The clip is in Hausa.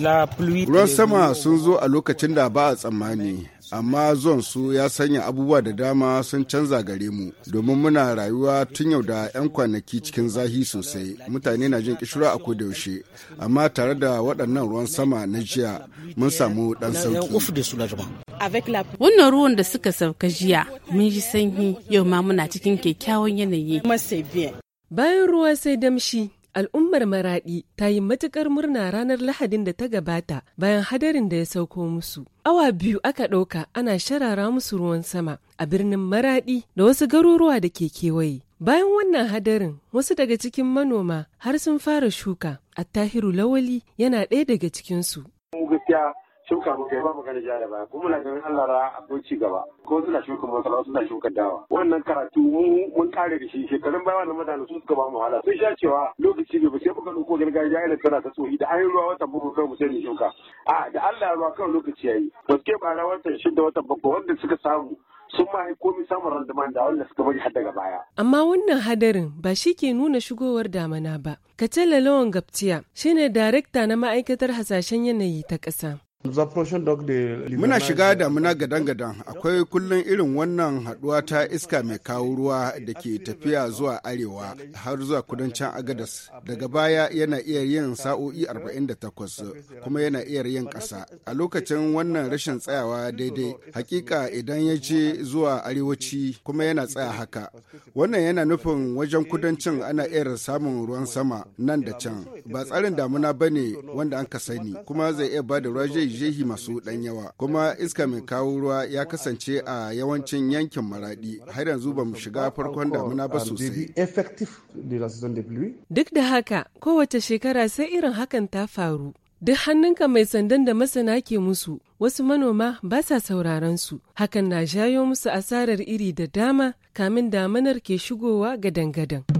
Ruwan sama sun zo a lokacin da ba a tsammani, amma zuwan su ya sanya abubuwa da dama sun canza gare mu, domin muna rayuwa tun yau da 'yan kwanaki cikin zahi sosai. Mutane na jin kishira a yaushe amma tare da waɗannan ruwan sama na jiya mun samu ɗan sauki. Wannan ruwan da suka sauka jiya mun ji sanyi yau ma muna cikin kyakkyawan yanayi. Bayan ruwa sai damshi. Al'ummar Maraɗi ta yi matuƙar murna ranar Lahadin da ta gabata bayan hadarin da ya sauko musu. Awa biyu aka ɗauka ana sharara musu ruwan sama a birnin Maraɗi da wasu garuruwa da ke kewaye. Bayan wannan hadarin, wasu daga cikin manoma har sun fara shuka, a tahiru lawali yana ɗaya daga cikinsu. shuka muka yi ba magana ja da baya kuma muna ganin Allah ra akwai ci gaba ko suna shuka masara suna shuka dawa wannan karatu mun kare da shi shekarun baya wannan mutane su suka ba mu wahala sun sha cewa lokaci bai ba sai muka ɗauko gargajiya irin tana ta tsohi da an ruwa wata bakwai kai mu sai mu shuka a da Allah ruwa kan lokaci yayi waske bara watan shida wata bakwai wanda suka samu sun ma yi komi samun randaman da wanda suka bari har daga baya. Amma wannan hadarin ba shi ke nuna shigowar damana ba. Kacella Lawan Gaptiya ne darekta na ma'aikatar hasashen yanayi ta ƙasa. Muna shiga damuna gadan-gadan akwai kullum irin wannan haɗuwa ta iska mai kawo ruwa da ke tafiya zuwa arewa har zuwa kudancin Agadas. Daga baya yana iya yin sa'o'i 48 kuma yana iya yin ƙasa. A lokacin wannan rashin tsayawa daidai, hakika idan ya je zuwa arewaci kuma yana tsaya haka. Wannan yana nufin wajen kudancin ana iya samun ruwan sama nan da can. ba tsarin damuna ba ne wanda an ka sani kuma zai iya ba da ruwa jehi masu ɗan yawa kuma iska mai kawo ruwa ya kasance a yawancin yankin maradi har yanzu ba mu shiga farkon damuna ba sosai. Duk da haka kowace shekara sai irin hakan ta faru. Duk hannunka mai sandan da masana ke musu, wasu manoma ba sa sauraron su, hakan na jayo musu asarar iri da dama kamin damanar ke shigowa gadan-gadan.